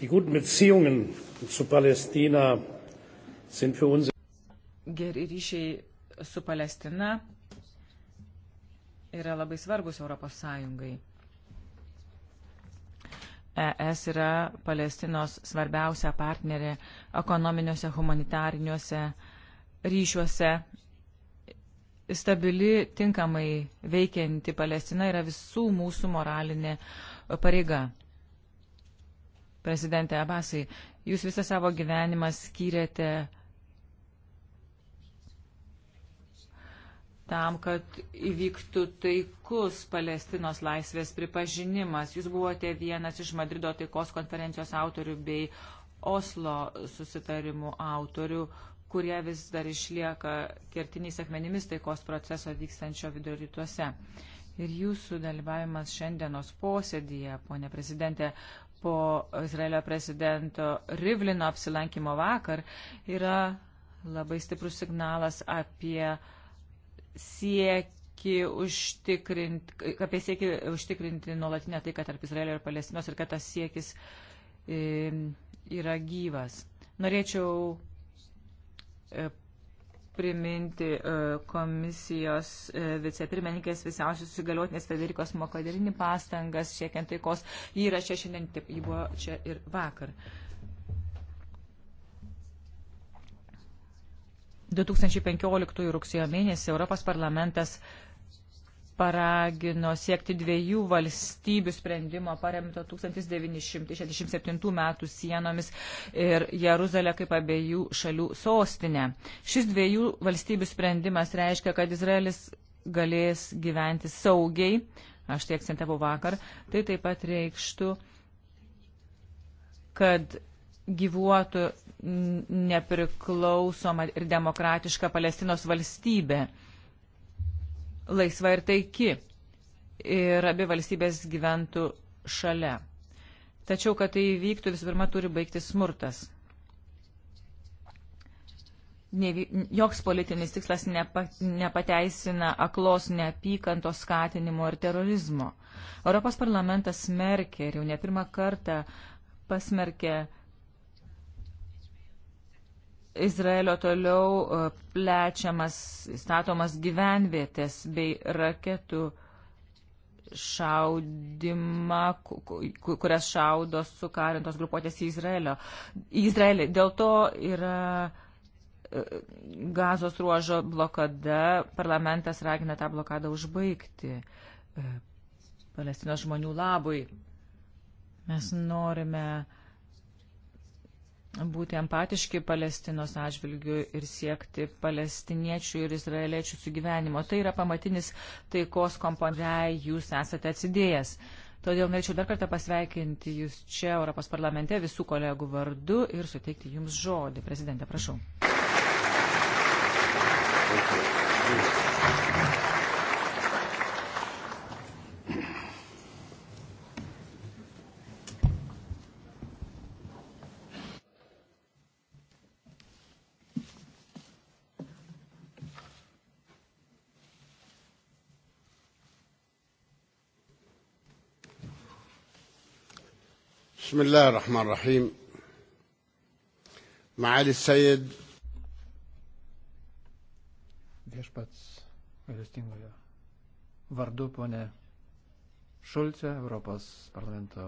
Die guten Beziehungen zu Palästina sind für uns. Geri ryšiai su Palestina yra labai svarbus Europos Sąjungai. ES yra Palestinos svarbiausia partnerė ekonominiuose, humanitariniuose ryšiuose. Stabili, tinkamai veikianti Palestina yra visų mūsų moralinė pareiga prezidente Abasai, jūs visą savo gyvenimą skyrėte tam, kad įvyktų taikus Palestinos laisvės pripažinimas. Jūs buvote vienas iš Madrido taikos konferencijos autorių bei Oslo susitarimų autorių, kurie vis dar išlieka kertiniais akmenimis taikos proceso vykstančio vidurio rytuose. Ir jūsų dalyvavimas šiandienos posėdėje, ponė prezidentė, po Izraelio prezidento Rivlino apsilankimo vakar yra labai stiprus signalas apie siekį užtikrinti, apie siekį užtikrinti nuolatinę taiką tarp Izraelio ir Palestinos ir kad tas siekis yra gyvas. Norėčiau e, priminti e, komisijos e, vicepirmeninkės visiausios įgaliotinės Federikos Mokadirinį pastangas siekiant taikos įrašę šiandien, taip, jį buvo čia ir vakar. 2015 rugsėjo mėnesį Europos parlamentas paragino siekti dviejų valstybių sprendimo paremto 1967 metų sienomis ir Jeruzalę kaip abiejų šalių sostinę. Šis dviejų valstybių sprendimas reiškia, kad Izraelis galės gyventi saugiai, aš tai akcentavau vakar, tai taip pat reikštų, kad gyvuotų nepriklausoma ir demokratiška Palestinos valstybė laisva ir taiki ir abi valstybės gyventų šalia. Tačiau, kad tai įvyktų, visų pirma, turi baigti smurtas. Ne, joks politinis tikslas nepa, nepateisina aklos neapykantos skatinimo ir terorizmo. Europos parlamentas smerkė ir jau ne pirmą kartą pasmerkė Izraelio toliau e, plečiamas, statomas gyvenvietės bei raketų šaudimą, kurias šaudo sukarintos grupuotės į Izraelio. Į Izraelį. Dėl to yra e, gazos ruožo blokada, parlamentas ragina tą blokadą užbaigti e, Palestinos žmonių labui. Mes norime uh, būti empatiški Palestinos atžvilgių ir siekti palestiniečių ir izraeliečių sugyvenimo. Tai yra pamatinis taikos komponentai, jūs esate atsidėjęs. Todėl norėčiau dar kartą pasveikinti jūs čia Europos parlamente visų kolegų vardu ir suteikti jums žodį. Prezidentė, prašau. Thank you. بسم الله الرحمن الرحيم معالي السيد viešpats galestingojo vardu ponė Šulce, Europos parlamento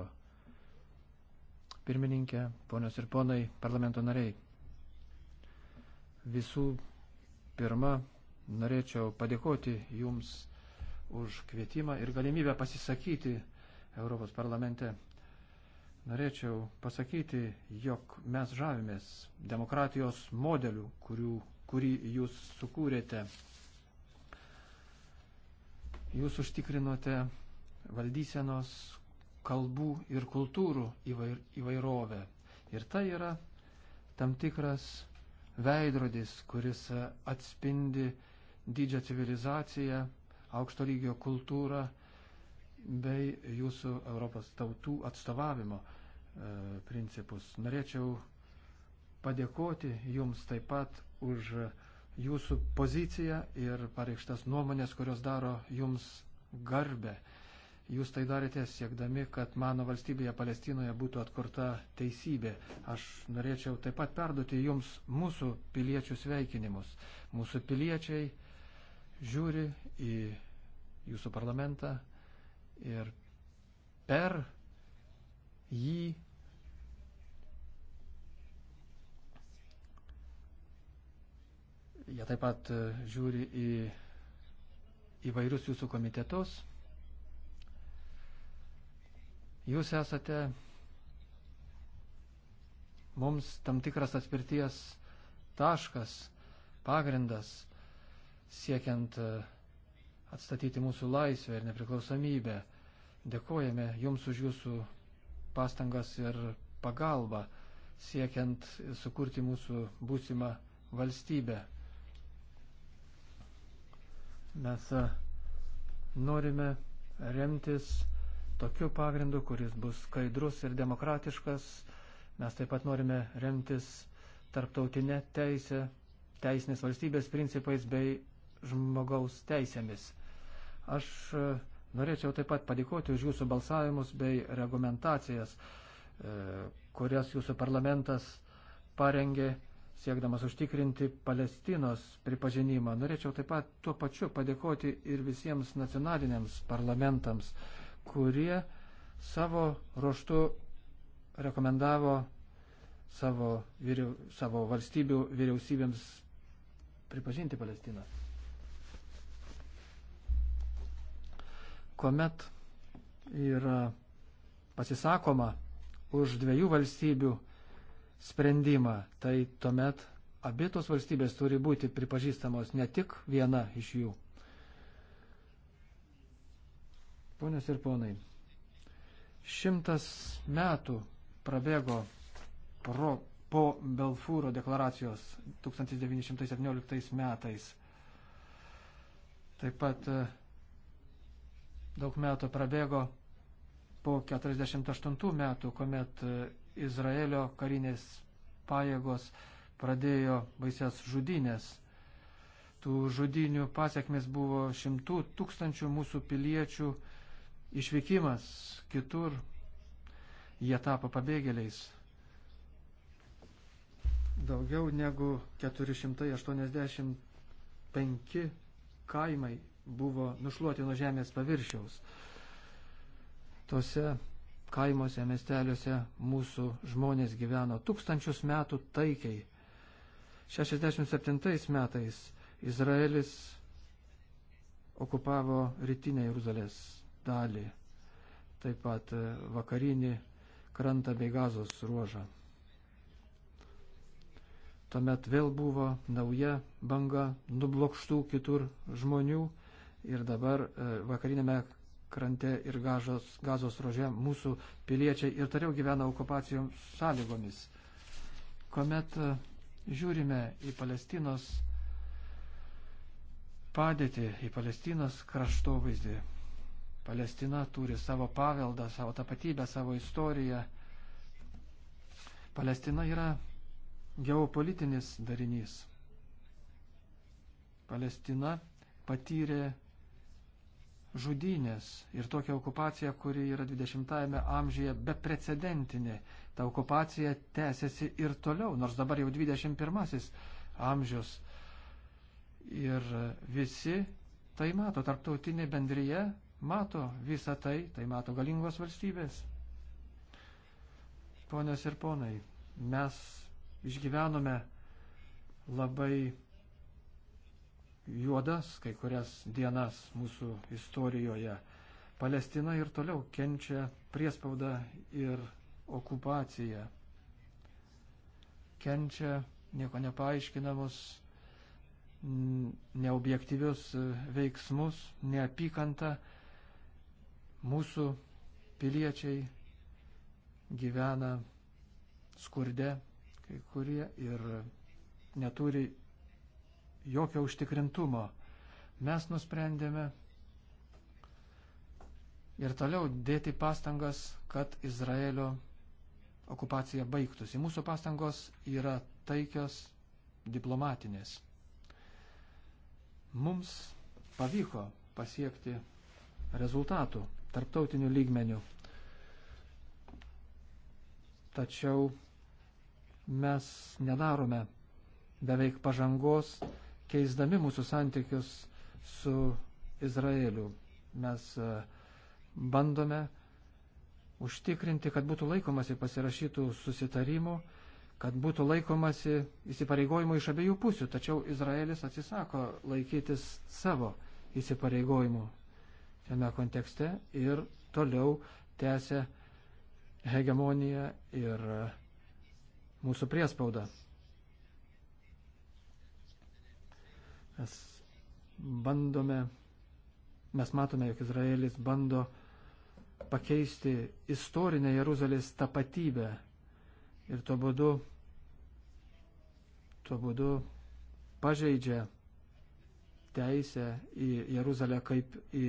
pirmininkė, ponios ir ponai, parlamento nariai. Visų pirma, norėčiau padėkoti Jums už kvietimą ir galimybę pasisakyti Europos parlamente Norėčiau pasakyti, jog mes žavimės demokratijos modeliu, kurių, kurį jūs sukūrėte. Jūs užtikrinote valdysenos kalbų ir kultūrų įvair, įvairovę. Ir tai yra tam tikras veidrodis, kuris atspindi didžią civilizaciją, aukšto lygio kultūrą bei jūsų Europos tautų atstovavimo e, principus. Norėčiau padėkoti jums taip pat už jūsų poziciją ir pareikštas nuomonės, kurios daro jums garbę. Jūs tai darėte siekdami, kad mano valstybėje Palestinoje būtų atkurta teisybė. Aš norėčiau taip pat perduoti jums mūsų piliečių sveikinimus. Mūsų piliečiai žiūri į jūsų parlamentą, ir per jį jie taip pat e, žiūri į įvairius jūsų komitetus. Jūs esate mums tam tikras atspirties taškas, pagrindas siekiant uh, atstatyti mūsų laisvę ir nepriklausomybę. Dėkojame Jums už Jūsų pastangas ir pagalbą siekiant sukurti mūsų būsimą valstybę. Mes e, norime remtis tokiu pagrindu, kuris bus skaidrus ir demokratiškas. Mes taip pat norime remtis tarptautinę teisę, teisinės valstybės principais bei žmogaus teisėmis. Aš e, norėčiau taip pat padėkoti už jūsų balsavimus bei reglamentacijas, e, kurias jūsų parlamentas parengė siekdamas užtikrinti Palestinos pripažinimą. Norėčiau taip pat tuo pačiu padėkoti ir visiems nacionaliniams parlamentams, kurie savo ruoštų rekomendavo savo, vyriau, savo valstybių vyriausybėms pripažinti Palestiną. kuomet yra pasisakoma už dviejų valstybių sprendimą, tai tuomet abi tos valstybės turi būti pripažįstamos ne tik viena iš jų. Ponios ir ponai, šimtas metų prabėgo pro, po Belfūro deklaracijos 1917 metais. Taip pat e, Daug metų prabėgo po 48 metų, kuomet e, Izraelio karinės pajėgos pradėjo baisias žudynės. Tų žudinių pasiekmes buvo šimtų tūkstančių mūsų piliečių išvykimas kitur. Jie tapo pabėgėliais. Daugiau negu 485 kaimai buvo nušluoti nuo žemės paviršiaus. Tose kaimuose, miesteliuose mūsų žmonės gyveno tūkstančius metų taikiai. 67 metais Izraelis okupavo rytinę Jeruzalės dalį, taip pat e, vakarinį krantą bei gazos ruožą. Tuomet vėl buvo nauja banga nublokštų kitur žmonių ir dabar e, vakarinėme krante ir gazos, gazos rože mūsų piliečiai ir tariau gyvena okupacijom sąlygomis. Komet e, žiūrime į Palestinos padėtį, į Palestinos kraštovaizdį. Palestina turi savo paveldą, savo tapatybę, savo istoriją. Palestina yra geopolitinis darinys. Palestina patyrė žudynės ir tokia okupacija, kuri yra 20-ame amžiuje beprecedentinė. Ta okupacija tęsiasi ir toliau, nors dabar jau 21-asis amžius. Ir visi tai mato, tarptautinė bendryje mato visą tai, tai mato galingos valstybės. Ponios ir ponai, mes išgyvenome labai juodas kai kurias dienas mūsų istorijoje. Palestina ir toliau kenčia priespaudą ir okupaciją. Kenčia nieko nepaaiškinamus, neobjektyvius e, veiksmus, neapykantą. Mūsų piliečiai gyvena skurde, kai kurie ir neturi jokio užtikrintumo. Mes nusprendėme ir toliau dėti pastangas, kad Izraelio okupacija baigtųsi. Mūsų pastangos yra taikios diplomatinės. Mums pavyko pasiekti rezultatų tarptautinių lygmenių. Tačiau mes nedarome beveik pažangos keisdami mūsų santykius su Izraeliu. Mes e, bandome užtikrinti, kad būtų laikomasi pasirašytų susitarimų, kad būtų laikomasi įsipareigojimų iš abiejų pusių, tačiau Izraelis atsisako laikytis savo įsipareigojimų šiame kontekste ir toliau tęsia hegemoniją ir e, mūsų priespaudą. Mes bandome, mes matome, jog Izraelis bando pakeisti istorinę Jeruzalės tapatybę ir tuo būdu, tuo būdu pažeidžia teisę į Jeruzalę kaip į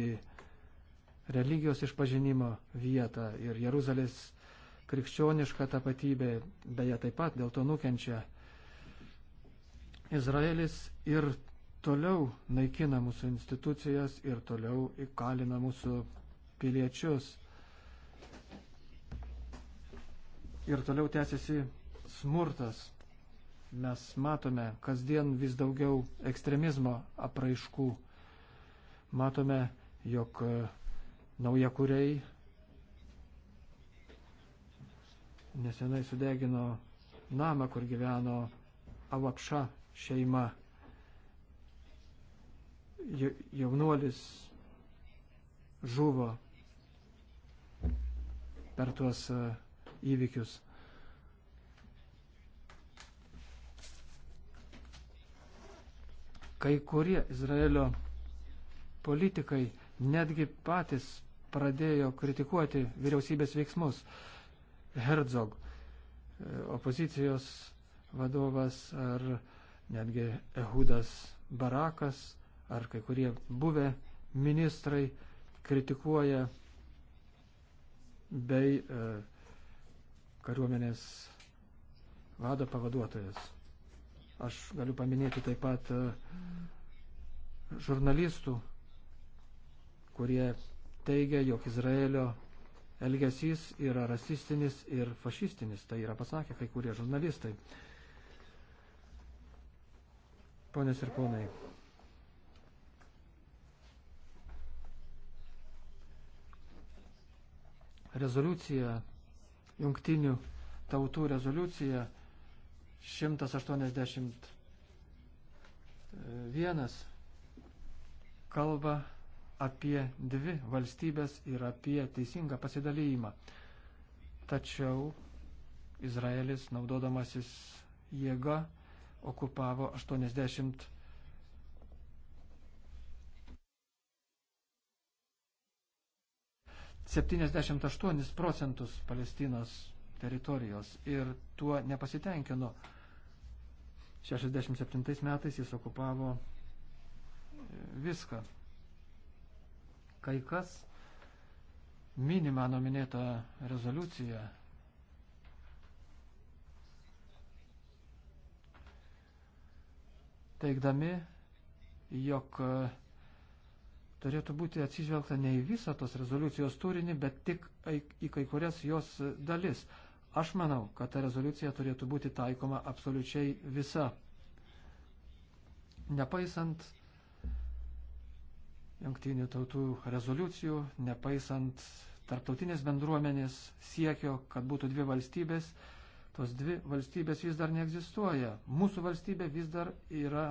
religijos išpažinimo vietą ir Jeruzalės krikščioniška tapatybė, beje taip pat dėl to nukenčia Izraelis ir toliau naikina mūsų institucijas ir toliau įkalina mūsų piliečius. Ir toliau tęsiasi smurtas. Mes matome kasdien vis daugiau ekstremizmo apraiškų. Matome, jog e, nauja kuriai nesenai sudegino namą, kur gyveno Avapša šeima jaunuolis žuvo per tuos e, įvykius. Kai kurie Izraelio politikai netgi patys pradėjo kritikuoti vyriausybės veiksmus. Herzog, e, opozicijos vadovas ar netgi Ehudas Barakas ar kai kurie buvę ministrai kritikuoja bei e, kariuomenės vado pavaduotojas. Aš galiu paminėti taip pat e, žurnalistų, kurie teigia, jog Izraelio elgesys yra rasistinis ir fašistinis. Tai yra pasakę kai kurie žurnalistai. Ponės ir ponai. rezoliucija, jungtinių tautų rezoliucija 181 kalba apie dvi valstybės ir apie teisingą pasidalymą. Tačiau Izraelis, naudodamasis jėga, okupavo 80 78 procentus Palestinos teritorijos ir tuo nepasitenkino. 67 metais jis okupavo e, viską. Kai kas mini mano minėtą rezoliuciją. Teikdami, jog turėtų būti atsižvelgta ne į visą tos rezoliucijos turinį, bet tik į kai kurias jos dalis. Aš manau, kad ta rezoliucija turėtų būti taikoma absoliučiai visa. Nepaisant jungtinių tautų rezoliucijų, nepaisant tarptautinės bendruomenės siekio, kad būtų dvi valstybės, tos dvi valstybės vis dar neegzistuoja. Mūsų valstybė vis dar yra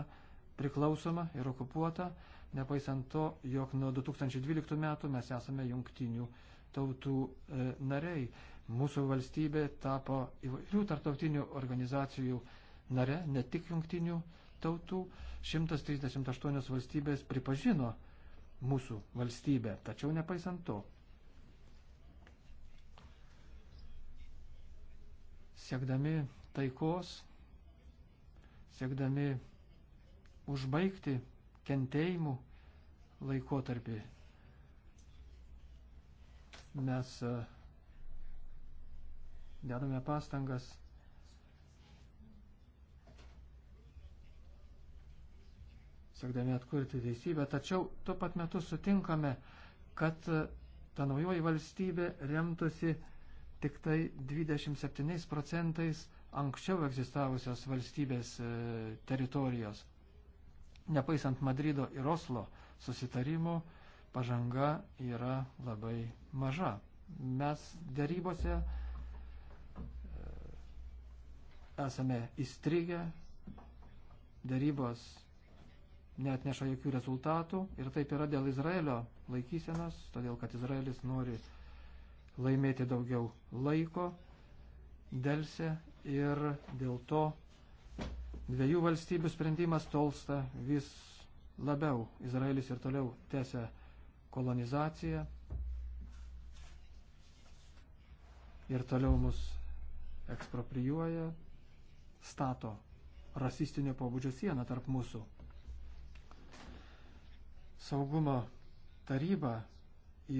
priklausoma ir okupuota nepaisant to, jog nuo 2012 metų mes esame jungtinių tautų e, nariai. Mūsų valstybė tapo įvairių tarptautinių organizacijų nare, ne tik jungtinių tautų. 138 valstybės pripažino mūsų valstybę, tačiau nepaisant to. Siekdami taikos, siekdami užbaigti kentėjimų laikotarpį. Mes e, dedame pastangas siekdami atkurti teisybę, tačiau tuo pat metu sutinkame, kad e, ta naujoji valstybė remtųsi tik tai 27 procentais anksčiau egzistavusios valstybės e, teritorijos nepaisant Madrido ir Oslo susitarimų, pažanga yra labai maža. Mes darybose e, esame įstrigę, darybos neatneša jokių rezultatų ir taip yra dėl Izraelio laikysenos, todėl kad Izraelis nori laimėti daugiau laiko, dėlse ir dėl to Dviejų valstybių sprendimas tolsta vis labiau. Izraelis ir toliau tęsia kolonizaciją ir toliau mus ekspropriuoja, stato rasistinio pobūdžio sieną tarp mūsų. Saugumo taryba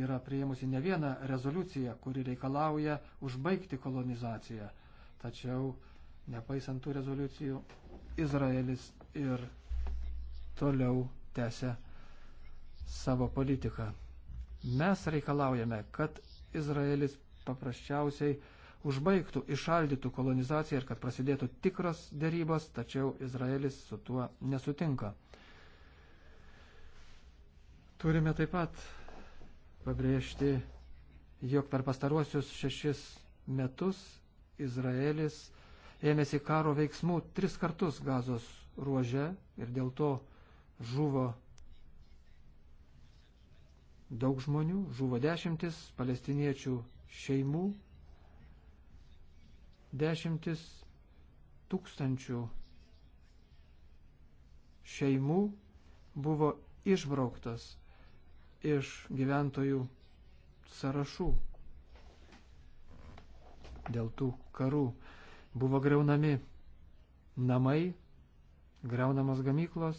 yra prieimusi ne vieną rezoliuciją, kuri reikalauja užbaigti kolonizaciją, tačiau Nepaisant tų rezoliucijų, Izraelis ir toliau tęsia savo politiką. Mes reikalaujame, kad Izraelis paprasčiausiai užbaigtų, išaldytų kolonizaciją ir kad prasidėtų tikros dėrybos, tačiau Izraelis su tuo nesutinka. Turime taip pat pabrėžti, jog per pastaruosius šešis metus Izraelis ėmėsi karo veiksmų tris kartus gazos ruože ir dėl to žuvo daug žmonių, žuvo dešimtis palestiniečių šeimų, dešimtis tūkstančių šeimų buvo išbrauktas iš gyventojų sąrašų dėl tų karų. Buvo greunami namai, greunamos gamyklos.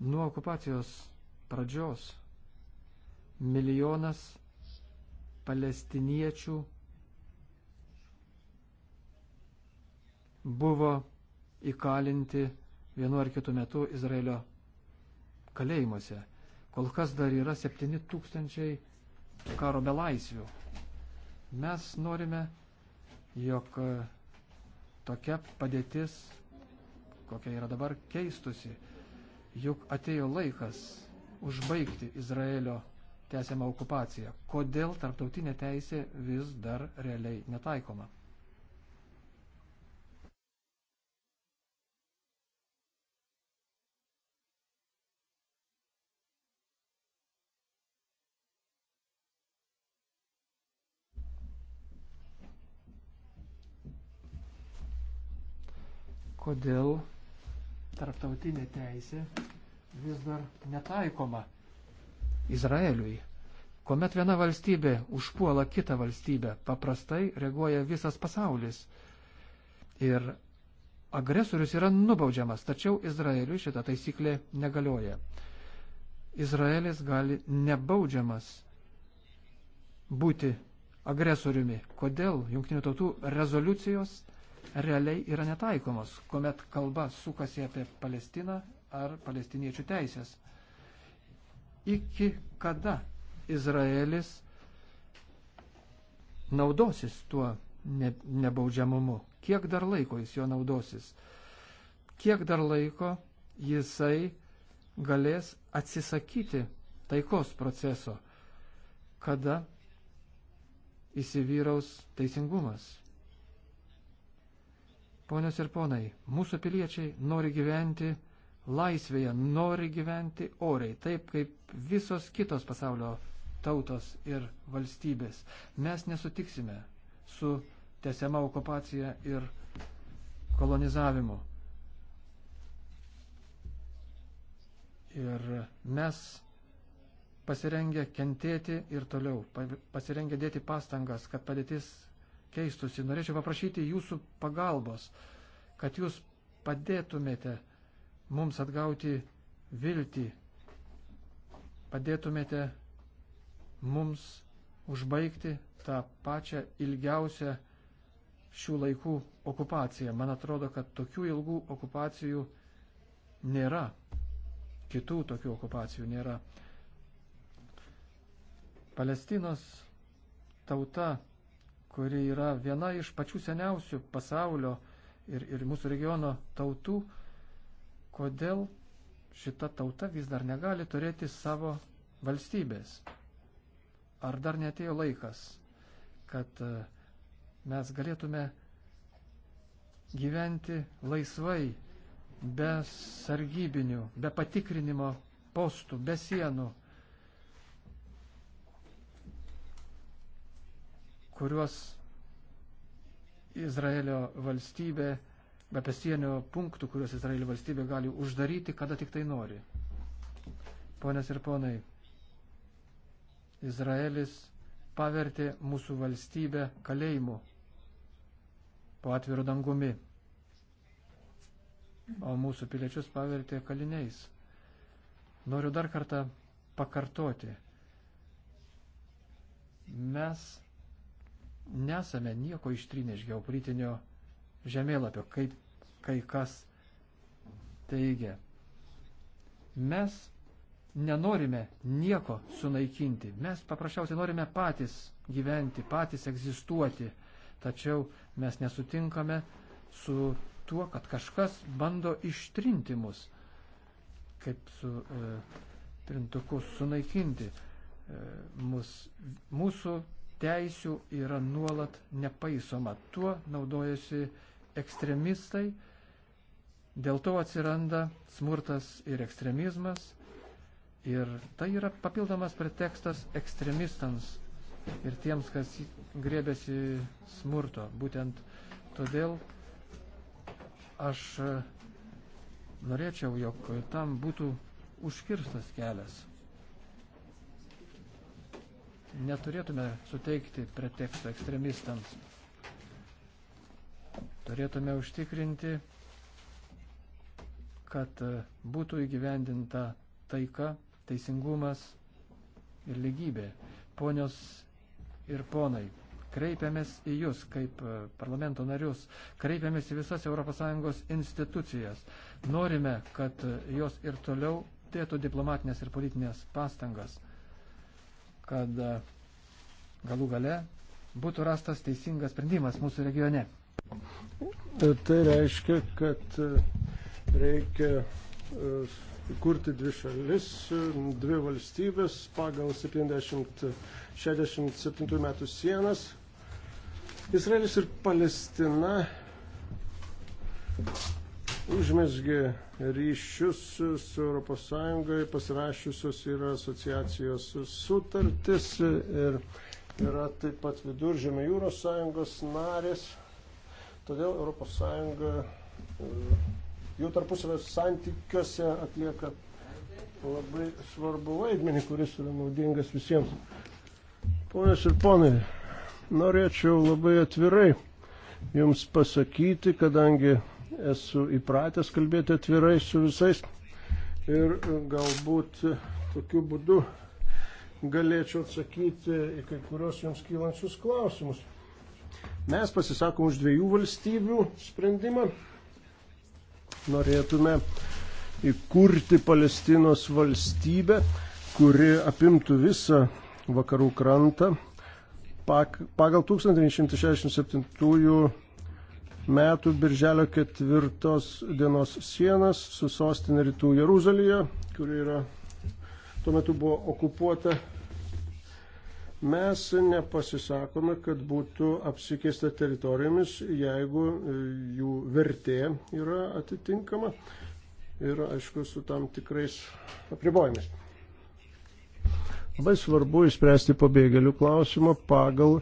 Nuo okupacijos pradžios milijonas palestiniečių buvo įkalinti vienu ar kitu metu Izraelio kalėjimuose. Kol kas dar yra 7 tūkstančiai karo belaisvių. Mes norime, jog e, tokia padėtis, kokia yra dabar, keistusi. Juk atėjo laikas užbaigti Izraelio tęsiamą okupaciją. Kodėl tarptautinė teisė vis dar realiai netaikoma? kodėl tarptautinė teisė vis dar netaikoma Izraeliui. Komet viena valstybė užpuola kitą valstybę, paprastai reaguoja visas pasaulis. Ir agresorius yra nubaudžiamas, tačiau Izraeliui šita taisyklė negalioja. Izraelis gali nebaudžiamas būti agresoriumi. Kodėl jungtinių tautų rezoliucijos realiai yra netaikomos, kuomet kalba sukasi apie Palestiną ar palestiniečių teisės. Iki kada Izraelis naudosis tuo ne, nebaudžiamumu? Kiek dar laiko jis jo naudosis? Kiek dar laiko jisai galės atsisakyti taikos proceso, kada įsivyraus teisingumas, Ponios ir ponai, mūsų piliečiai nori gyventi laisvėje, nori gyventi oriai, taip kaip visos kitos pasaulio tautos ir valstybės. Mes nesutiksime su tesiama okupacija ir kolonizavimu. Ir mes pasirengę kentėti ir toliau, pasirengę dėti pastangas, kad padėtis keistusi. Norėčiau paprašyti jūsų pagalbos, kad jūs padėtumėte mums atgauti viltį, padėtumėte mums užbaigti tą pačią ilgiausią šių laikų okupaciją. Man atrodo, kad tokių ilgų okupacijų nėra. Kitų tokių okupacijų nėra. Palestinos tauta kuri yra viena iš pačių seniausių pasaulio ir, ir mūsų regiono tautų, kodėl šita tauta vis dar negali turėti savo valstybės? Ar dar netėjo laikas, kad e, mes galėtume gyventi laisvai, be sargybinių, be patikrinimo postų, be sienų? kuriuos Izraelio valstybė, be pasienio punktų, kuriuos Izraelio valstybė gali uždaryti, kada tik tai nori. Ponės ir ponai, Izraelis pavertė mūsų valstybę kalėjimu po atviru dangumi, o mūsų piliečius pavertė kaliniais. Noriu dar kartą pakartoti. Mes nesame nieko ištrinę iš geopolitinio žemėlapio, kaip kai kas teigia. Mes nenorime nieko sunaikinti, mes paprasčiausiai norime patys gyventi, patys egzistuoti, tačiau mes nesutinkame su tuo, kad kažkas bando ištrinti mus, kaip su e, trintuku sunaikinti e, mus, mūsų teisių yra nuolat nepaisoma. Tuo naudojasi ekstremistai, dėl to atsiranda smurtas ir ekstremizmas. Ir tai yra papildomas pretekstas ekstremistams ir tiems, kas grėbėsi smurto. Būtent todėl aš e, norėčiau, jog tam būtų užkirstas kelias neturėtume suteikti pretekstą ekstremistams. Turėtume užtikrinti, kad e, būtų įgyvendinta taika, teisingumas ir lygybė. Ponios ir ponai, kreipiamės į Jūs kaip e, parlamento narius, kreipiamės į visas ES institucijas. Norime, kad e, jos ir toliau dėtų diplomatinės ir politinės pastangas kad e, galų gale būtų rastas teisingas sprendimas mūsų regione. E, tai reiškia, kad e, reikia kurti dvi šalis, dvi valstybės pagal 70-67 metų sienas. Izraelis ir Palestina užmesgė ryšius su ES, pasirašiusios yra asociacijos sutartis ir yra taip pat viduržėmė jūros sąjungos narės. Todėl ES e, jų tarpusavio santykiuose atlieka labai svarbu vaidmenį, kuris yra naudingas visiems. Ponios ir ponai, norėčiau labai atvirai Jums pasakyti, kadangi esu įpratęs kalbėti atvirai su visais ir galbūt tokiu būdu galėčiau atsakyti į kai kurios jums kylančius klausimus. Mes pasisakom už dviejų valstybių sprendimą. Norėtume įkurti Palestinos valstybę, kuri apimtų visą vakarų krantą pagal 1967 metų birželio ketvirtos dienos sienas su sostinė rytų Jeruzalėje, kuri yra tuo metu buvo okupuota. Mes nepasisakome, kad būtų apsikeista teritorijomis, jeigu e, jų vertė yra atitinkama ir, aišku, su tam tikrais apribojimais. Labai svarbu įspręsti pabėgėlių klausimą pagal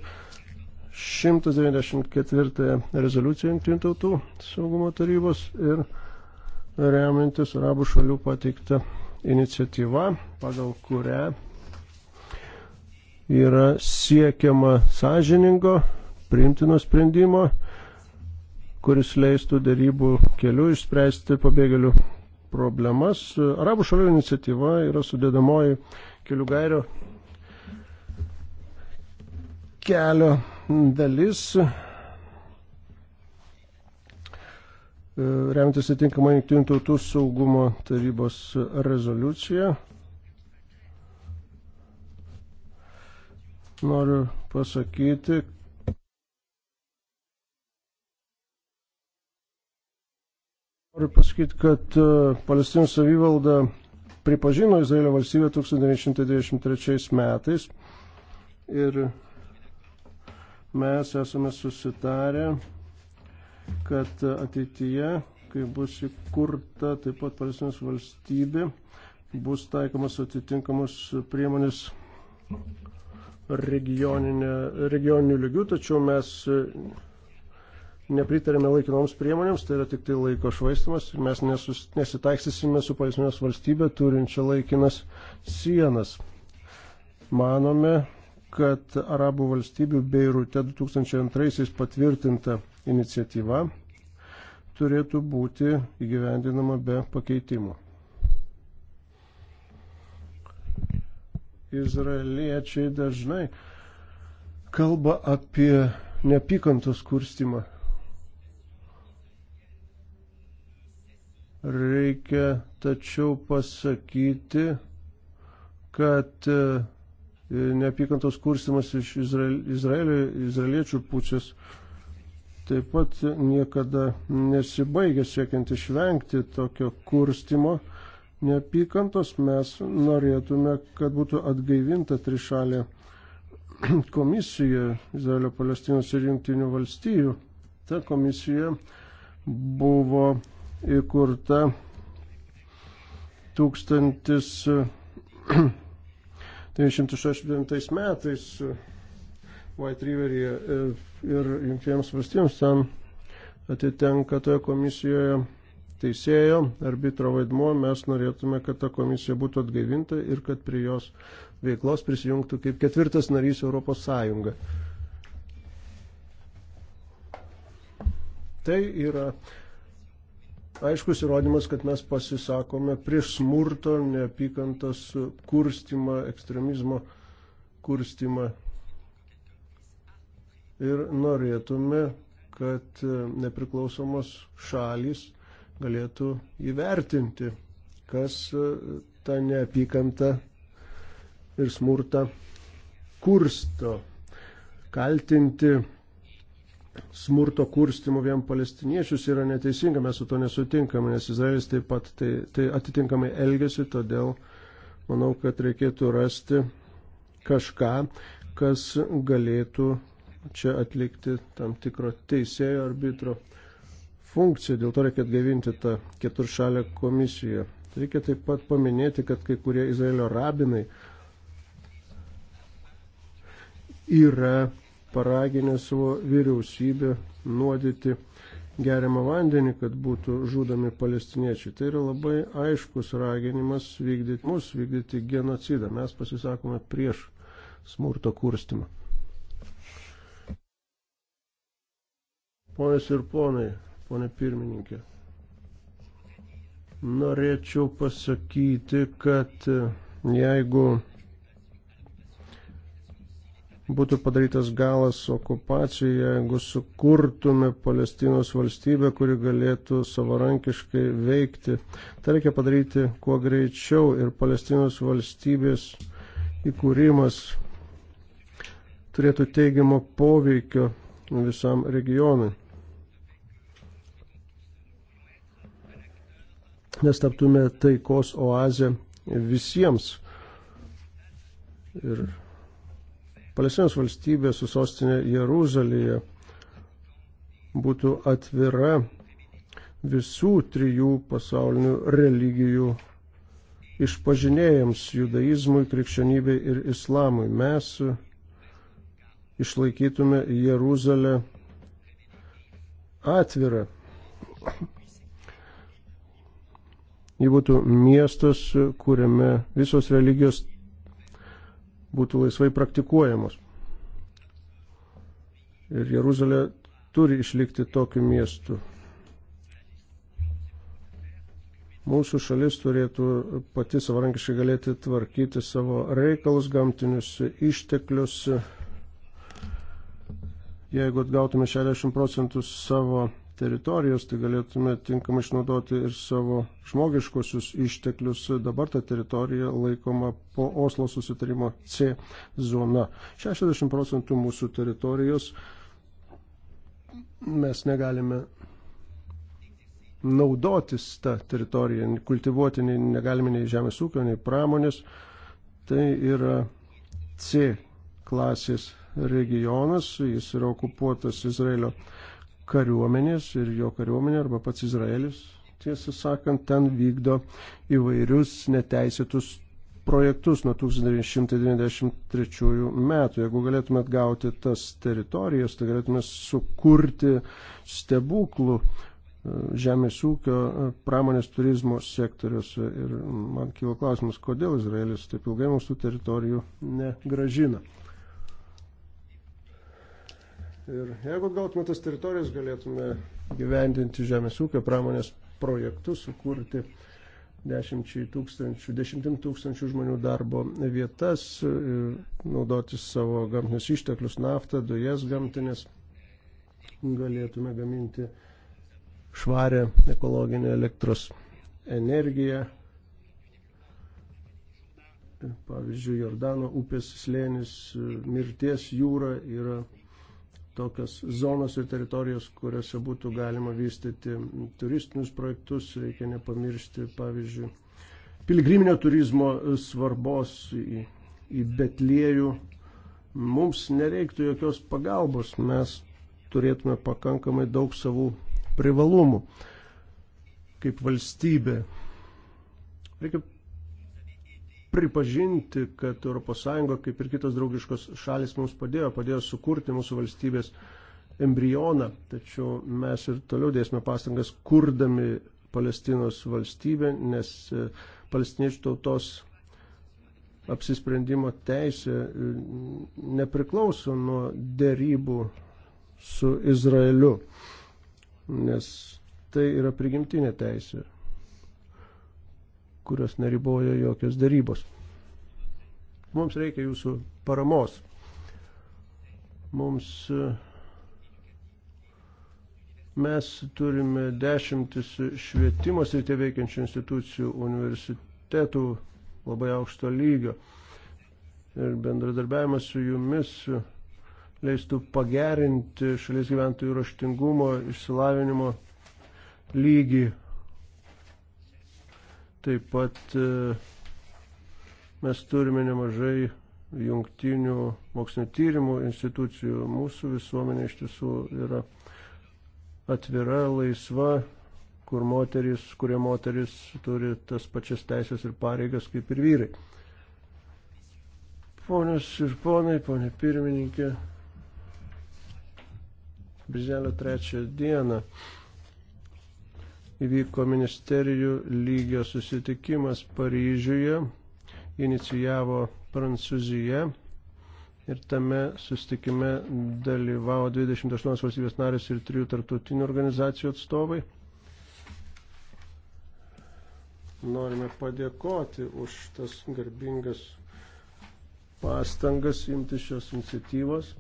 194 rezoliuciją Junktinių tautų saugumo tarybos ir remiantis arabų šalių pateikta iniciatyva, pagal kurią yra siekiama sąžiningo, priimtino sprendimo, kuris leistų darybų keliu išspręsti pabėgėlių problemas. Arabų šalių iniciatyva yra sudėdamoji kelių gairio kelio dalis, e, remtis atitinkamą Junktinių tautų saugumo tarybos rezoliuciją. Noriu pasakyti, Noriu pasakyti, kad e, Palestinų savivalda pripažino Izraelio valstybę 1923 metais ir mes esame susitarę, kad ateityje, kai bus įkurta taip pat Palestinos valstybė, bus taikomas atitinkamos priemonės regioninių lygių, tačiau mes nepritarėme laikinoms priemonėms, tai yra tik tai laiko švaistimas ir mes nesus, nesitaiksysime su palestinos valstybė turinčia laikinas sienas. Manome, kad Arabų valstybių Beirute 2002 patvirtinta iniciatyva turėtų būti įgyvendinama be pakeitimų. Izraeliečiai dažnai kalba apie neapykantos kurstimą. Reikia tačiau pasakyti, kad neapykantos kurstimas iš Izraelio, izraeliečių pusės taip pat niekada nesibaigia siekiant išvengti tokio kurstimo neapykantos. Mes norėtume, kad būtų atgaivinta trišalė komisija Izraelio, Palestinos ir Junktinių valstijų. Ta komisija buvo įkurta 1900. 1969 metais e, White Riveryje e, ir jungtinėms valstijoms tam atitenka toje komisijoje teisėjo arbitro vaidmuo. Mes norėtume, kad ta komisija būtų atgaivinta ir kad prie jos veiklos prisijungtų kaip ketvirtas narys Europos Sąjunga. Tai yra aiškus įrodymas, kad mes pasisakome prieš smurto, neapykantos kurstimą, ekstremizmo kurstimą. Ir norėtume, kad nepriklausomos šalis galėtų įvertinti, kas tą neapykantą ir smurtą kursto. Kaltinti smurto kurstimo vien palestiniečius yra neteisinga, mes su to nesutinkame, nes Izraelis taip pat tai, tai atitinkamai elgesi, todėl manau, kad reikėtų rasti kažką, kas galėtų čia atlikti tam tikro teisėjo arbitro funkciją, dėl to reikia atgaivinti tą keturšalę komisiją. Reikia taip pat paminėti, kad kai kurie Izraelio rabinai yra paraginę savo vyriausybę nuodyti geriamą vandenį, kad būtų žudomi palestiniečiai. Tai yra labai aiškus raginimas vykdyti mus, vykdyti genocidą. Mes pasisakome prieš smurto kurstimą. Ponės ir ponai, ponė pirmininkė, norėčiau pasakyti, kad jeigu būtų padarytas galas okupacijai, jeigu sukurtume Palestinos valstybę, kuri galėtų savarankiškai veikti. Tai reikia padaryti kuo greičiau ir Palestinos valstybės įkūrimas turėtų teigiamo poveikio visam regionui. Nes taptume taikos oazę visiems. Ir Palestinos valstybė su sostinė Jeruzalėje būtų atvira visų trijų pasaulinių religijų išpažinėjams - judaizmui, krikščionybei ir islamui. Mes išlaikytume Jeruzalę atvirą. Ji būtų miestas, kuriame visos religijos būtų laisvai praktikuojamos. Ir Jeruzalė turi išlikti tokiu miestu. Mūsų šalis turėtų pati savarankiškai galėti tvarkyti savo reikalus, gamtinius išteklius. Jeigu atgautume 60 procentų savo teritorijos, tai galėtume tinkamai išnaudoti ir savo žmogiškosius išteklius. Dabar ta teritorija laikoma po Oslo susitarimo C zona. 60 procentų mūsų teritorijos mes negalime naudotis tą teritoriją, kultivuoti nei, negalime nei žemės ūkio, nei pramonės. Tai yra C klasės regionas, jis yra okupuotas Izraelio kariuomenės ir jo kariuomenė arba pats Izraelis, tiesą sakant, ten vykdo įvairius neteisėtus projektus nuo 1993 metų. Jeigu galėtumėt gauti tas teritorijas, tai galėtumėt sukurti stebuklų e, žemės ūkio, e, pramonės turizmo sektoriuose. Ir man kilo klausimas, kodėl Izraelis taip ilgai mūsų teritorijų negražina. Ir jeigu gautume tas teritorijas, galėtume gyvendinti žemės ūkio pramonės projektus, sukurti dešimčiai tūkstančių, dešimtim tūkstančių žmonių darbo vietas, naudotis savo gamtinius išteklius, naftą, dujas gamtinės, galėtume gaminti švarę ekologinę elektros energiją. Pavyzdžiui, Jordano upės slėnis, mirties jūra yra tokios zonos ir teritorijos, kuriuose būtų galima vystyti turistinius projektus, reikia nepamiršti, pavyzdžiui, piligriminio turizmo svarbos į, į Betliejų. Mums nereiktų jokios pagalbos, mes turėtume pakankamai daug savų privalumų kaip valstybė. Reikia pripažinti, kad ES, kaip ir kitos draugiškos šalis, mums padėjo, padėjo sukurti mūsų valstybės embrioną, tačiau mes ir toliau dėsime pastangas kurdami Palestinos valstybę, nes e, palestiniečių tautos apsisprendimo teisė e, nepriklauso nuo dėrybų su Izraeliu, nes tai yra prigimtinė teisė kurios neriboja jokios darybos. Mums reikia jūsų paramos. Mums mes turime dešimtis švietimo srityje veikiančių institucijų, universitetų labai aukšto lygio. Ir bendradarbiavimas su jumis leistų pagerinti šalies gyventojų raštingumo, išsilavinimo lygį Taip pat e, mes turime nemažai jungtinių mokslinio tyrimų institucijų. Mūsų visuomenė iš tiesų yra atvira, laisva, kur moteris, kurie moteris turi tas pačias teisės ir pareigas kaip ir vyrai. Ponios ir ponai, ponė pirmininkė, Birželio trečią dieną įvyko ministerijų lygio susitikimas Paryžiuje, inicijavo Prancūzija ir tame susitikime dalyvavo 28 valstybės narės ir 3 tarptautinių organizacijų atstovai. Norime padėkoti už tas garbingas pastangas imti šios iniciatyvos.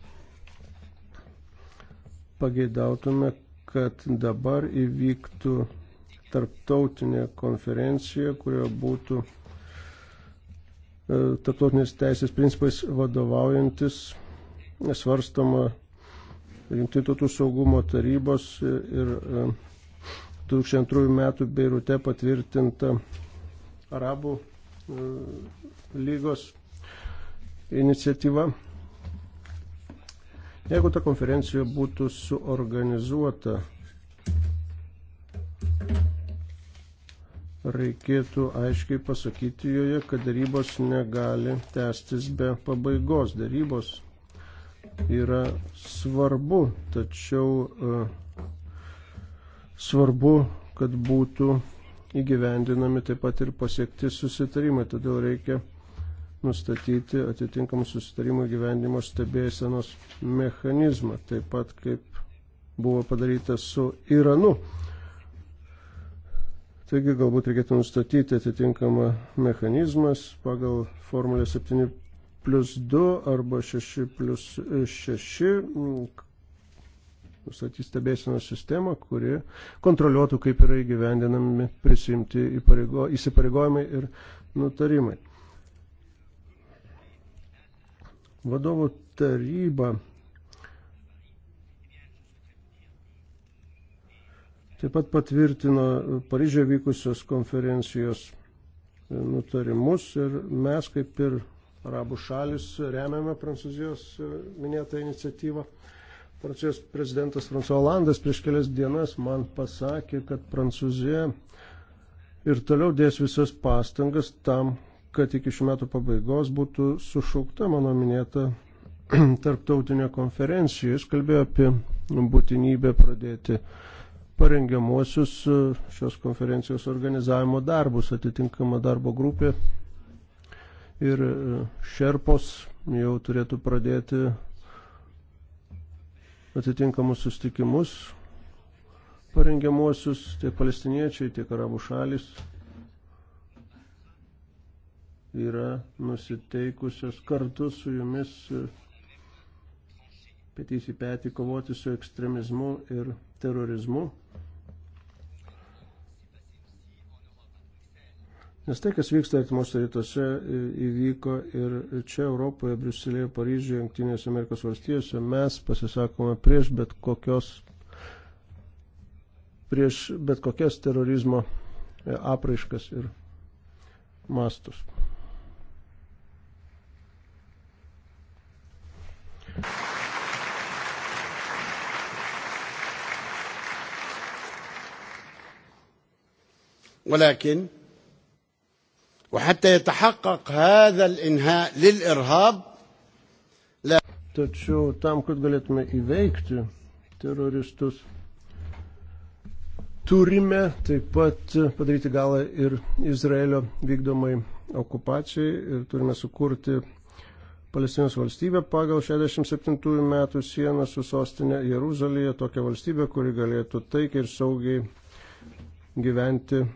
Pageidautume, kad dabar įvyktų tarptautinė konferencija, kurioje būtų e, tarptautinės teisės principais vadovaujantis svarstama Junktinių tautų saugumo tarybos ir 2002 e, metų Beirute patvirtinta Arabų e, lygos iniciatyva. Jeigu ta konferencija būtų suorganizuota reikėtų aiškiai pasakyti joje, kad darybos negali tęstis be pabaigos. Darybos yra svarbu, tačiau e, svarbu, kad būtų įgyvendinami taip pat ir pasiekti susitarimai. Todėl reikia nustatyti atitinkamų susitarimų gyvenimo stebėsenos mechanizmą, taip pat kaip buvo padaryta su Iranu. Taigi galbūt reikėtų nustatyti atitinkamą mechanizmas pagal formulę 7 plus 2 arba 6 plus 6, nustatys stebėsinos sistemą, kuri kontroliuotų, kaip yra įgyvendinami prisimti įsipareigojimai ir nutarimai. Vadovų taryba Taip pat patvirtino Paryžioje vykusios konferencijos e, nutarimus ir mes kaip ir arabų šalis remiame Prancūzijos e, minėtą iniciatyvą. Prancūzijos prezidentas François Landas prieš kelias dienas man pasakė, kad Prancūzija ir toliau dės visas pastangas tam, kad iki šių metų pabaigos būtų sušaukta mano minėta tarptautinė konferencija. Jis kalbėjo apie būtinybę pradėti uh, parengiamuosius e, šios konferencijos organizavimo darbus. Atitinkama darbo grupė ir e, šerpos jau turėtų pradėti atitinkamus sustikimus parengiamuosius tiek palestiniečiai, tiek arabų šalis yra nusiteikusios kartu su jumis e, petys į petį kovoti su ekstremizmu ir terorizmu. Nes tai, kas vyksta artimuose rytuose, įvyko ir čia Europoje, Briuselėje, Paryžiuje, Junktinėse Amerikos valstijose. Mes pasisakome prieš bet, kokios, prieš bet kokias terorizmo e, apraiškas ir mastus. Thank you. ولكن وحتى يتحقق هذا الإنهاء للإرهاب لا Tačiau tam, kad galėtume įveikti teroristus, turime taip pat padaryti galą ir Izraelio vykdomai okupacijai ir turime sukurti Palestinos valstybę pagal 67 metų sieną su sostinė Jeruzalėje, tokią valstybę, kuri galėtų taikiai ir saugiai gyventi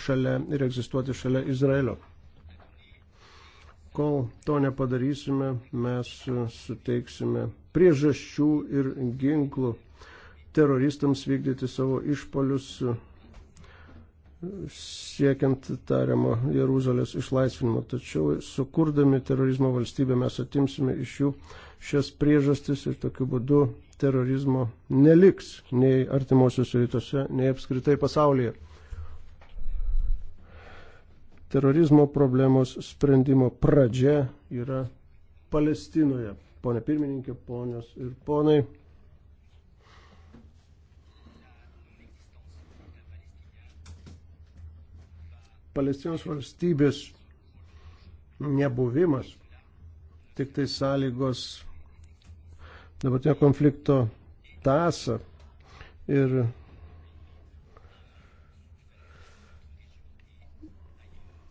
šalia ir egzistuoti šalia Izraelio. Kol to nepadarysime, mes suteiksime priežasčių ir ginklų teroristams vykdyti savo išpolius siekiant tariamo Jeruzalės išlaisvinimo. Tačiau sukurdami terorizmo valstybę mes atimsime iš jų šias priežastis ir tokiu būdu terorizmo neliks nei artimuosiuose rytuose, nei apskritai pasaulyje. Terorizmo problemos sprendimo pradžia yra Palestinoje. Pone pirmininkė, ponios ir ponai. Palestinos valstybės nebuvimas, tik tai sąlygos dabartinio konflikto tasą ir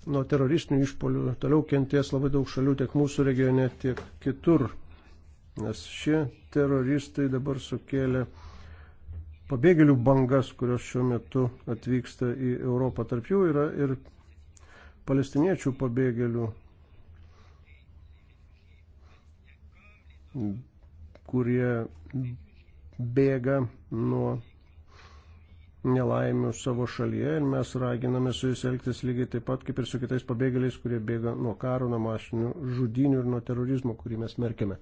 nuo teroristinių išpolių toliau kenties labai daug šalių tiek mūsų regione, tiek kitur. Nes šie teroristai dabar sukėlė pabėgėlių bangas, kurios šiuo metu atvyksta į Europą. Tarp jų yra ir palestiniečių pabėgėlių, kurie bėga nuo nelaimių savo šalyje ir mes raginame su jais elgtis lygiai taip pat kaip ir su kitais pabėgėliais, kurie bėga nuo karo, nuo mašinių žudinių ir nuo terorizmo, kurį mes merkime.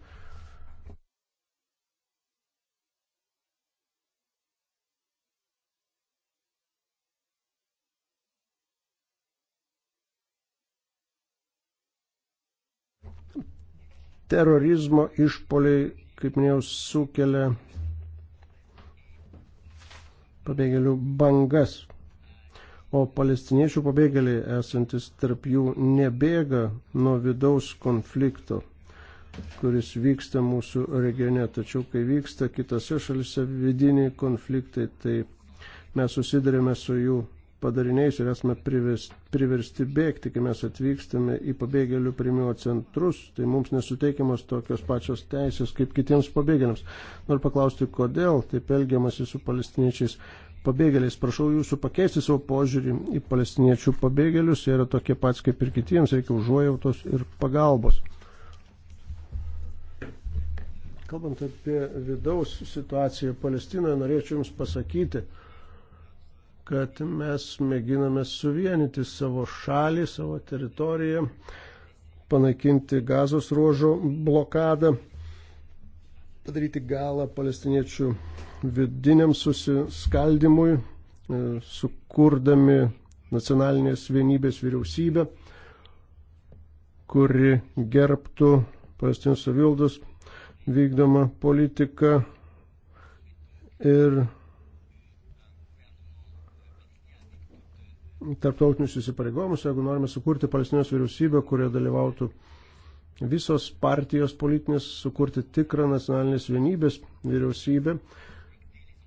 Terorizmo išpoliai, kaip minėjau, sukelia pabėgėlių bangas. O palestiniečių pabėgėliai esantis tarp jų nebėga nuo vidaus konflikto, kuris vyksta mūsų regione. Tačiau kai vyksta kitose šalise vidiniai konfliktai, tai mes susidurime su jų padariniais ir esame priversti bėgti, kai mes atvykstame į pabėgėlių primimo centrus, tai mums nesuteikiamas tokios pačios teisės kaip kitiems pabėgėliams. Noriu paklausti, kodėl taip elgiamasi su palestiniečiais pabėgėliais. Prašau jūsų pakeisti savo požiūrį į palestiniečių pabėgėlius, jie yra tokie patys kaip ir kitiems, reikia užuojautos ir pagalbos. Kalbant apie vidaus situaciją Palestinoje, norėčiau Jums pasakyti, kad mes mėginame suvienyti savo šalį, savo teritoriją, panaikinti gazos ruožo blokadą, padaryti galą palestiniečių vidiniam susiskaldimui, e, sukurdami nacionalinės vienybės vyriausybę, kuri gerbtų palestinos savildos vykdomą politiką ir tarptautinius įsipareigojimus, jeigu norime sukurti Palestinos vyriausybę, kurioje dalyvautų visos partijos politinės, sukurti tikrą nacionalinės vienybės vyriausybę,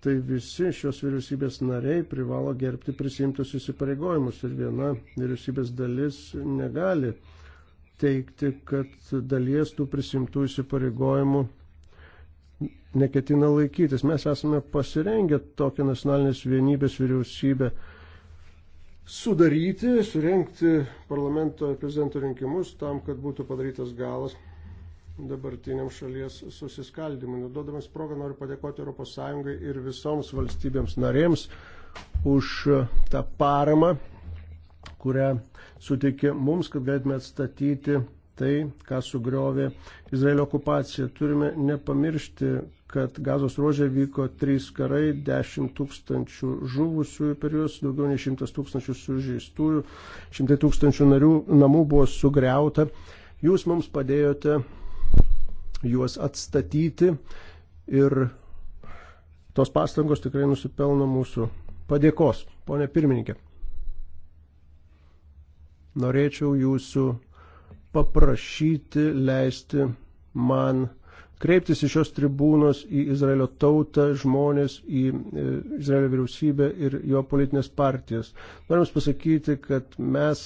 tai visi šios vyriausybės nariai privalo gerbti prisimtus įsipareigojimus ir viena vyriausybės dalis negali teikti, kad dalies tų prisimtų įsipareigojimų neketina laikytis. Mes esame pasirengę tokią nacionalinės vienybės vyriausybę sudaryti, surenkti parlamento ir prezidento rinkimus tam, kad būtų padarytas galas dabartiniam šalies susiskaldimui. Nudodamas progą noriu padėkoti ES ir visoms valstybėms narėms už tą paramą, kurią suteikė mums, kad galėtume atstatyti tai, ką sugriovė Izraelio okupacija. Turime nepamiršti, kad gazos ruožė vyko trys karai, 10 tūkstančių žuvusiųjų per juos, daugiau nei 100 tūkstančių sužeistųjų, 100 tūkstančių narių, namų buvo sugriauta. Jūs mums padėjote juos atstatyti ir tos pastangos tikrai nusipelno mūsų padėkos, ponė pirmininkė. Norėčiau jūsų paprašyti leisti man kreiptis iš šios tribūnos į Izraelio tautą, žmonės, į e, Izraelio vyriausybę ir jo politinės partijas. Norim pasakyti, kad mes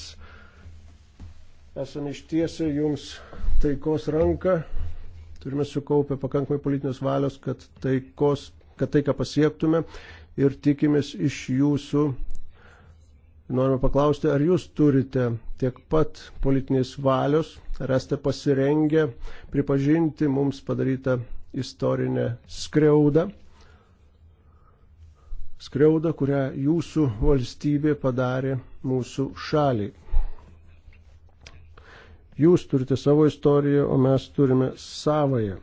esame ištiesę jums taikos ranką, turime sukaupę pakankamai politinės valios, kad, taikos, kad taiką pasiektume ir tikimės iš jūsų Norime paklausti, ar jūs turite tiek pat politinės valios, ar esate pasirengę pripažinti mums padarytą istorinę skriaudą, skriaudą, kurią jūsų valstybė padarė mūsų šaliai. Jūs turite savo istoriją, o mes turime savoje.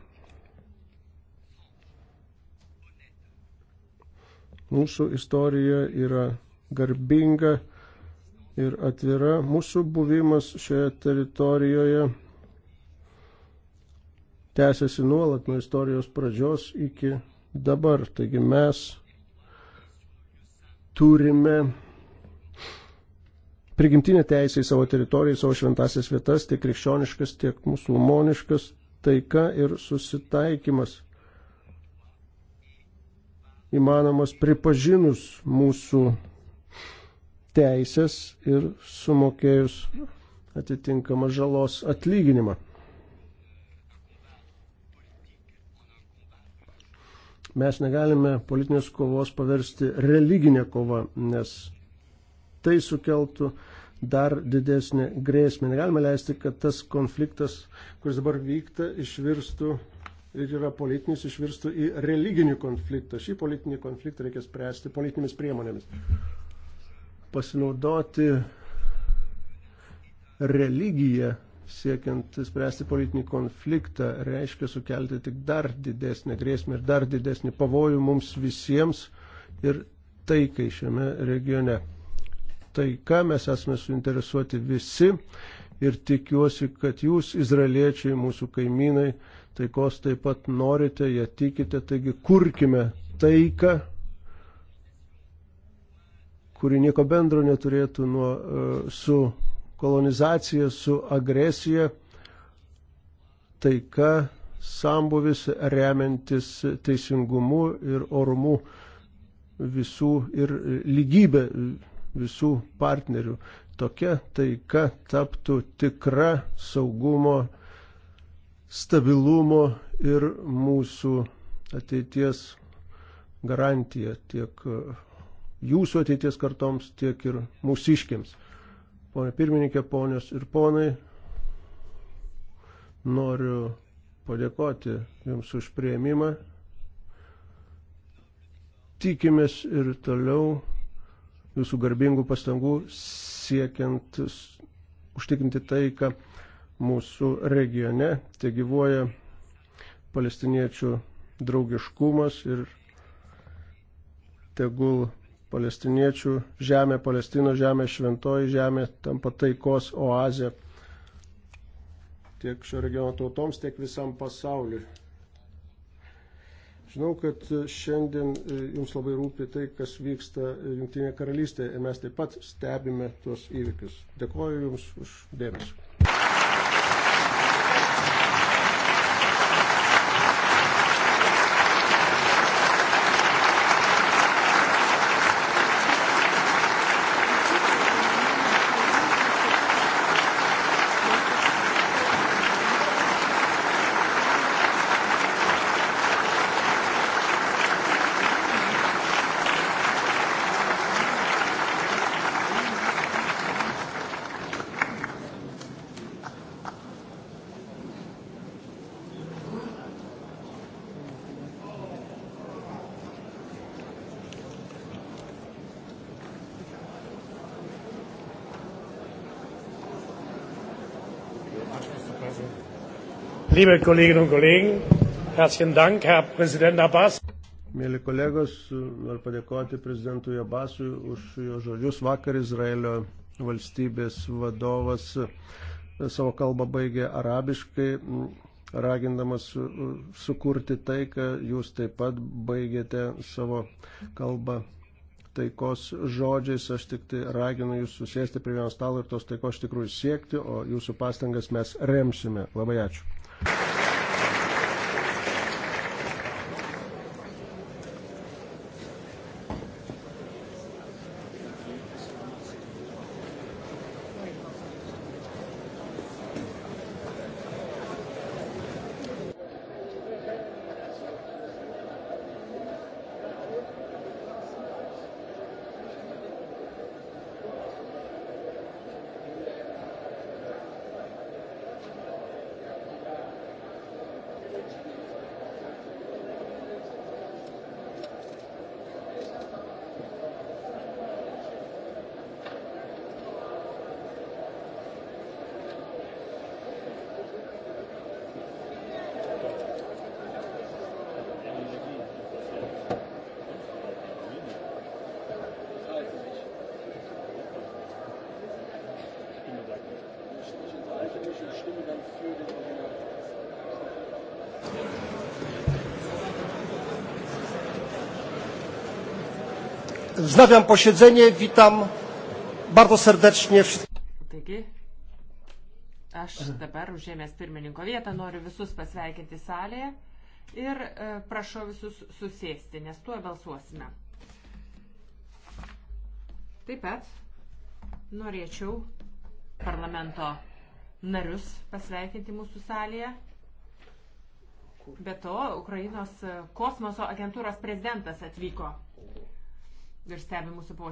Mūsų istorija yra garbinga ir atvira. Mūsų buvimas šioje teritorijoje tęsiasi nuolat nuo istorijos pradžios iki dabar. Taigi mes turime prigimtinę teisę į savo teritoriją, į savo šventasias vietas, tiek krikščioniškas, tiek musulmoniškas taika ir susitaikymas įmanomas pripažinus mūsų teisės ir sumokėjus atitinkamą žalos atlyginimą. Mes negalime politinės kovos paversti religinę kovą, nes tai sukeltų dar didesnį grėsmę. Negalime leisti, kad tas konfliktas, kuris dabar vyksta, išvirstų ir yra politinis, išvirstų į religinį konfliktą. Šį politinį konfliktą reikia spręsti politinėmis priemonėmis pasinaudoti religiją siekiant spręsti politinį konfliktą reiškia sukelti tik dar didesnį grėsmę ir dar didesnį pavojų mums visiems ir taikai šiame regione. Taika mes esame suinteresuoti visi ir tikiuosi, kad jūs, izraeliečiai, mūsų kaimynai, taikos taip pat norite, ją tikite, taigi kurkime taiką kuri nieko bendro neturėtų nuo, e, su kolonizacija, su agresija, taika, sambuvis remiantis teisingumu ir orumu visų ir e, lygybė visų partnerių. Tokia taika taptų tikra saugumo, stabilumo ir mūsų ateities garantija tiek e, jūsų ateities kartoms, tiek ir mūsiškiams. Pone pirmininkė, ponios ir ponai, noriu padėkoti Jums už prieimimą. Tikimės ir toliau Jūsų garbingų pastangų siekiant užtikrinti taiką mūsų regione. Te gyvoja palestiniečių draugiškumas ir tegul palestiniečių žemė, Palestino žemė, šventoji žemė tampa taikos oazė tiek šio regiono tautoms, tiek visam pasauliui. Žinau, kad šiandien e, jums labai rūpi tai, kas vyksta Junktinėje karalystėje ir mes taip pat stebime tuos įvykius. Dėkuoju Jums už dėmesį. Liebe Kolleginnen und Kollegen, herzlichen Dank, Herr Präsident Abbas. Mėly kolegos, noriu padėkoti prezidentui Abbasui už jo žodžius. Vakar Izraelio valstybės vadovas e, savo kalbą baigė arabiškai, ragindamas e, sukurti taiką. Jūs taip pat baigėte savo kalbą taikos žodžiais, aš tik tai raginu jūs susėsti prie vieno stalo ir tos taikos iš tikrųjų siekti, o jūsų pastangas mes remsime. Labai ačiū. Wznawiam posiedzenie. Witam bardzo serdecznie wszystkich. Taigi, aš dabar užėmęs pirmininko vietą noriu visus pasveikinti salėje ir e, prašau visus susėsti, nes tuo balsuosime. Taip pat norėčiau parlamento narius pasveikinti mūsų salėje. Be to, Ukrainos e, kosmoso agentūros prezidentas atvyko ir stebi mūsų posėdį.